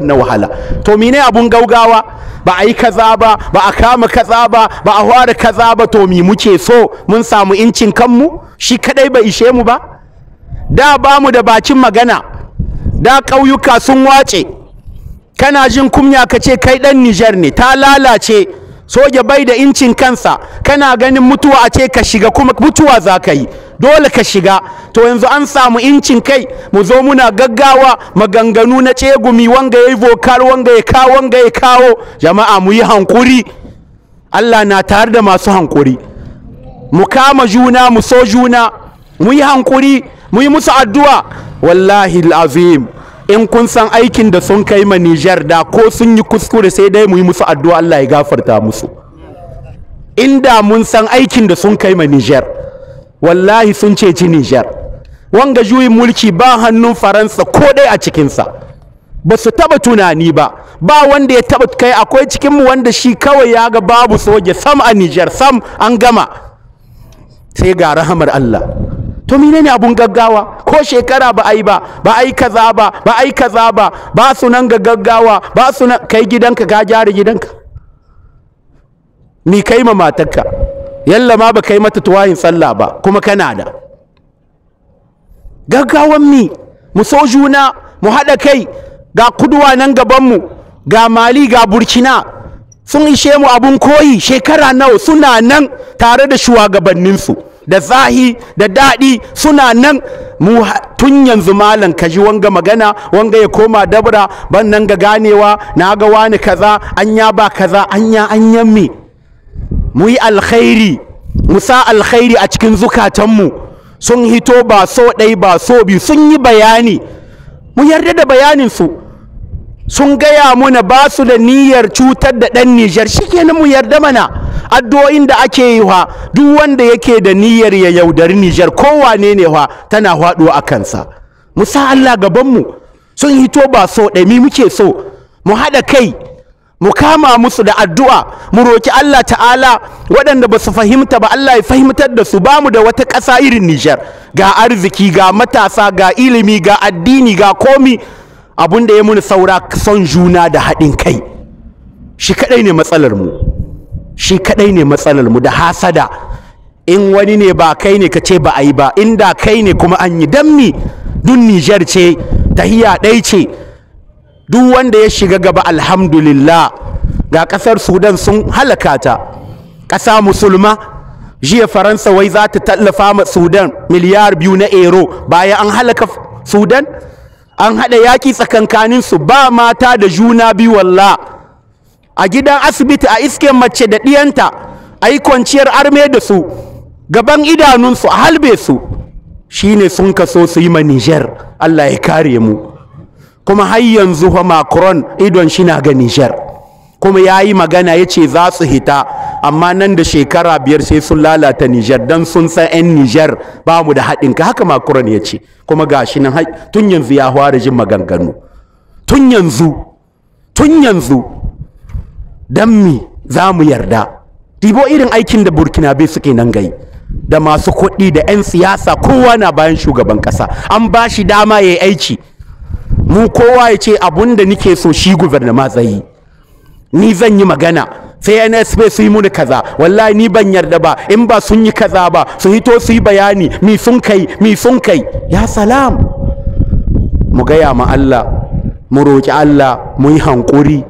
abubuwan na wahala to mine abun gaugawa ba a yi kaza ba ba a kama kaza ba ba a hwara kaza ba to mi muke so mun samu incin kanmu shi kadai ba ishe mu ba da ba mu da bakin magana da ƙauyuka sun wace kana jin kunya ka ce kai ɗan Nijar ne ta lalace soja bai da incin kansa kana ganin mutuwa a ce ka shiga kuma mutuwa za ka yi dole ka shiga to yanzu an samu incin kai mu zo muna gaggawa maganganu na cegumi wanga ya yi vokal wanga ya kawo wanga ya kawo jama'a mu yi hankuri Allah na tare da masu hankuri mu kama juna mu so juna mu yi hankuri mu yi musu addu'a wallahi azim in kun san aikin da sun kai ma Nijar da ko sun yi kuskure sai dai mu yi musu addu'a Allah ya gafarta musu inda mun san aikin da sun kai ma Nijar wallahi sun ceci Nijar wanga juyin mulki ba hannun faransa ko dai a cikinsa ba su taba tunani ba ba wanda ya taba kai akwai cikinmu wanda shi kawai ya ga babu soja sam a nijar sam an gama sai ga rahamar allah to menene abun gaggawa ko shekara ba ai ba ba ai kaza ba ba ai kaza ba ba su nan ga gaggawa ba su nan kai gidanka ka jari gidanka ni kai ma matarka yalla ma ba kai mata tuwayin sallah ba kuma kana da gaggawan mi mu so juna mu haɗa kai ga kuduwa nan gabanmu ga mali ga burkina sun ishe mu abun koyi shekara nawa suna nan tare da shugabanninsu da zahi da daɗi suna nan mu tun yanzu malam ka ji wanga magana wanga ya koma dabra ban nan ga ganewa na ga wani kaza anya ba kaza anya anyan me mu yi alkhairi mu sa alkhairi a cikin zukatanmu sun hito ba so ɗai ba so biyu sun yi bayani mu yarda da bayaninsu sun gaya muna ba su da niyyar cutar da ɗan Nijar shikenan mu yarda mana addu'o'in da ake yi wa duk wanda yake da niyyar ya yaudari Nijar kowane ne wa tana haɗuwa a kansa mu sa Allah gaban sun hito ba so ɗai mi muke so mu haɗa kai mu kama musu da addu'a mu roki Allah ta'ala waɗanda ba su fahimta ba Allah ya fahimtar da su ba mu da wata ƙasa irin Nijar ga arziki ga matasa ga ilimi ga addini ga komi abun da ya muni saura son juna da haɗin kai shi kaɗai ne matsalar mu shi kaɗai ne matsalar da hasada in wani ne ba kai ne ka ce ba a yi ba inda kai ne kuma an yi dan mi dun Nijar ce tahiya ɗai ce duk wanda ya shiga gaba alhamdulillah ga ƙasar sudan sun halaka ta ƙasa musulma jiya faransa wai za ta tallafa ma sudan miliyar biyu na ero bayan an halaka sudan an haɗa yaƙi tsakankaninsu ba mata da juna biyu walla a gidan asibiti a iske mace da ɗiyanta a yi kwanciyar arme da su gaban idanunsu a halbe su shine sun kaso su yi ma niger allah ya kare mu kuma har yanzu fa Macron idon shi na ga Niger kuma ya yi magana ya ce za su hita amma nan da shekara biyar sai sun lalata Niger don sun san 'yan Niger ba mu da haɗin ka haka Macron ya ce kuma ga shi nan tun yanzu ya fara jin maganganu tun yanzu tun yanzu don mi za mu yarda dibo irin aikin da Burkina bai suke nan gai da masu kuɗi da 'yan siyasa kowa na bayan shugaban ƙasa an ba shi dama ya yi aiki mu kowa ya ce abun da nike so shi guvernama matsayi ni zan yi magana sai NSP su yi muni kaza wallahi ni ban yarda ba in ba sun yi kaza ba su hito su yi bayani mi sun kai mi sun kai ya salam mu gaya ma Allah mu roƙi Allah mu yi hankuri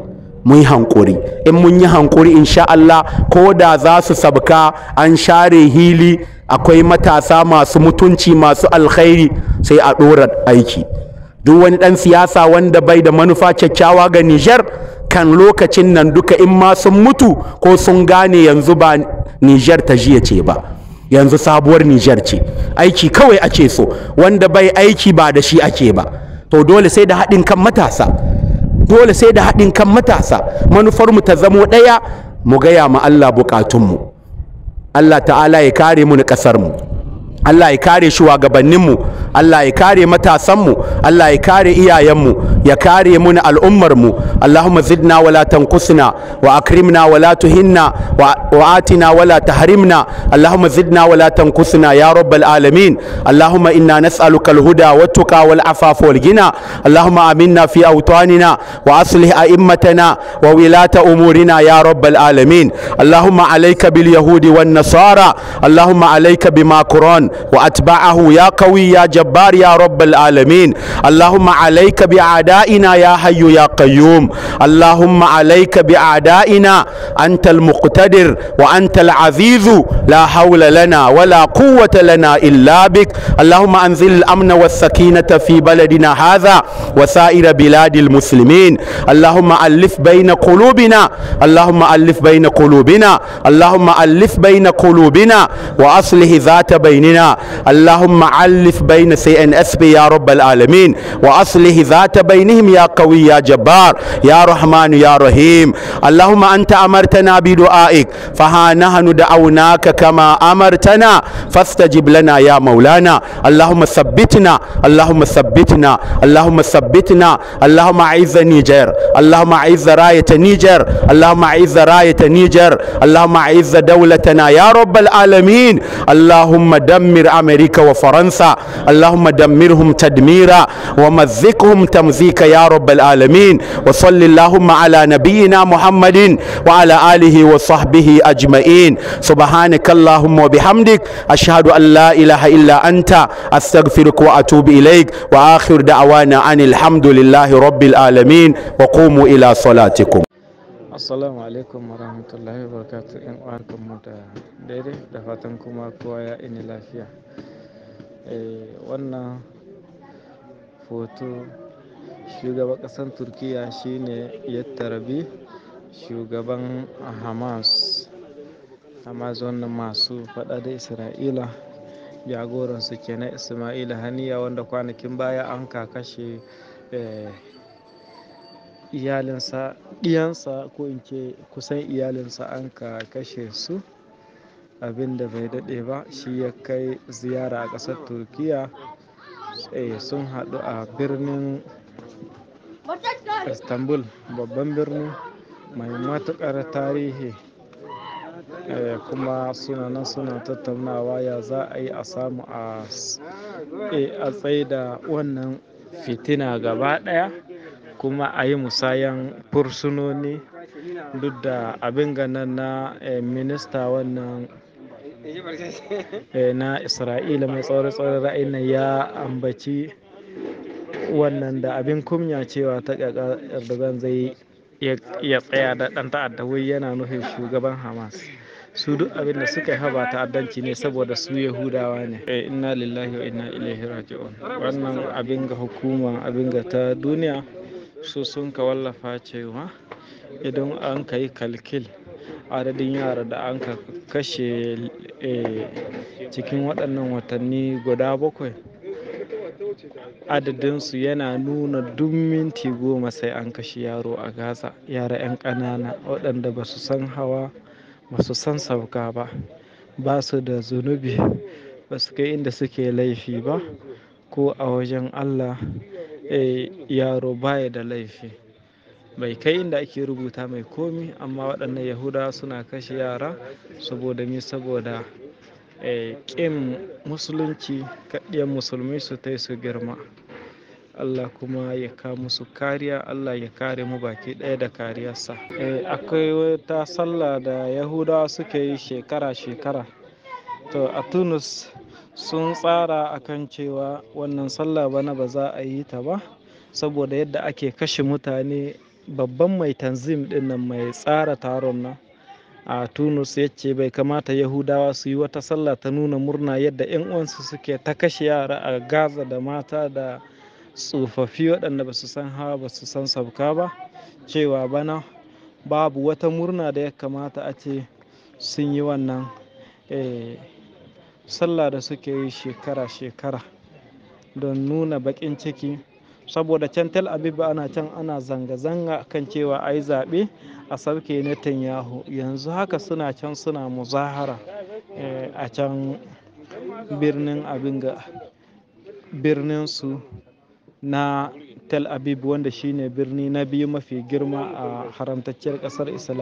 mu yi hankuri in mun yi hankuri insha Allah ko da za su sabka an share hili akwai matasa masu mutunci masu alkhairi sai a ɗora aiki duk wani ɗan siyasa wanda bai da manufa kyakkyawa ga Nijar kan lokacin nan duka in ma sun mutu ko sun gane yanzu ba Nijar ta jiya ce ba yanzu sabuwar Nijar ce aiki kawai ake so wanda bai aiki ba da shi ake ba to dole sai da haɗin kan matasa dole sai da haɗin kan matasa manufarmu ta zamo ɗaya mu gaya ma Allah buƙatunmu Allah ta'ala ya kare mu na ƙasarmu Allah ya kare shugabanninmu Allah ya kare matasanmu Allah ya kare iyayenmu ya kare mun al'ummar mu Allahumma zidna wala tanqusna wa akrimna wala tuhinna wa atina wala tahrimna Allahumma zidna wala tanqusna ya rabbal alamin Allahumma inna nas'aluka al-huda wat-tuqa wal-afafa wal-ghina Allahumma aminna fi awtanina wa aslih a'immatana wa wilata umurina ya rabbal alamin Allahumma alayka bil yahudi wan nasara Allahumma alayka bima quran wa atba'ahu ya qawi ya jabbar ya rabbal alamin Allahumma alayka bi أعدائنا يا حي يا قيوم اللهم عليك بأعدائنا أنت المقتدر وأنت العزيز لا حول لنا ولا قوة لنا إلا بك اللهم أنزل الأمن والسكينة في بلدنا هذا وسائر بلاد المسلمين اللهم ألف بين قلوبنا اللهم ألف بين قلوبنا اللهم ألف بين قلوبنا وأصله ذات بيننا اللهم ألف بين سي ان اس بي يا رب العالمين وأصله ذات بيننا بعينهم يا قوي يا جبار يا رحمن يا رحيم اللهم أنت أمرتنا بدعائك فها نحن دعوناك كما أمرتنا فاستجب لنا يا مولانا اللهم ثبتنا اللهم ثبتنا اللهم ثبتنا اللهم أعز نيجر اللهم أعز راية نيجر اللهم أعز راية نيجر اللهم أعز دولتنا يا رب العالمين اللهم دمر أمريكا وفرنسا اللهم دمرهم تدميرا ومزقهم تمزيقا برحمتك يا رب العالمين وصل اللهم على نبينا محمد وعلى آله وصحبه أجمعين سبحانك اللهم وبحمدك أشهد أن لا إله إلا أنت أستغفرك وأتوب إليك وآخر دعوانا أن الحمد لله رب العالمين وقوموا إلى صلاتكم assalamu alaikum warahmatullahi wabarakatuh yan uwarkan mu da daidai da fatan kuma kowa ya ini lafiya wannan foto shugaban ƙasar turkiya shine ya tarbi shugaban hamas hamas wannan masu faɗa da isra'ila jagoransu ke na ismaila haniya wanda kwanakin baya an kakashe eh, iyalinsa ɗiyansa ko in ce kusan iyalinsa an ka kashe su abinda bai daɗe ba shi ya kai ziyara a ƙasar turkiya eh, sun haɗu a birnin istanbul babban birni mai matuƙar tarihi eh, kuma sunanan suna tattaunawa ya za a yi a samu a eh, tsaye da wannan fitina gaba daya kuma a yi musayan fursunoni duk da abin ganin na eh, minista wannan na isra'ila mai tsaurin ra'ayi ya ambaci wannan da abin kunya cewa ta ƙaƙa erdogan zai ya tsaya da ɗan ta'adda wai yana nufin shugaban hamas su duk abin da suka yi ba ta'addanci ne saboda su yahudawa ne eh, inna lillahi wa inna ilaihi raji'un wannan abin ga hukuma abin ga ta duniya su sun ka wallafa cewa idan an ka yi kalkil adadin yara da an ka kashe eh, cikin waɗannan watanni guda bakwai adadinsu yana nuna duk minti goma sai an kashe yaro a gaza yara 'yan ƙanana waɗanda ba su san hawa ba su san sauka ba ba su da zunubi ba su kai inda suke laifi ba ko a wajen allah eh, yaro baya da laifi bai kai inda ake rubuta mai komi amma waɗannan yahuda suna kashe yara saboda mi saboda Eh, ƙin musulunci kaɗiyan musulmi su ta su girma Allah kuma ya ka musu kariya Allah ya kare mu baki ɗaya da kariyarsa eh, akwai wata sallah da yahudawa suke yi shekara-shekara to a tunis sun tsara akan cewa wannan sallah bana ba za a yi ta ba saboda yadda ake kashe mutane babban mai tanzim ɗinnan mai tsara taron nan a tunus ya ce bai kamata yahudawa su yi wata sallah ta nuna murna yadda 'yan uwansu suke ta kashe yara a gaza da mata da tsofaffi waɗanda ba su san hawa ba su san sauka ba cewa bana babu wata murna da ya kamata a ce sun yi wannan eh, sallah da suke yi shekara-shekara don nuna baƙin ciki saboda can tel aviv ana can ana zanga-zanga kan cewa a zaɓe a sauke netanyahu yanzu haka suna can suna muzahara eh, a can birnin ga. birnin su na tel aviv wanda shine birni na biyu mafi girma a haramtacciyar kasar isra'ila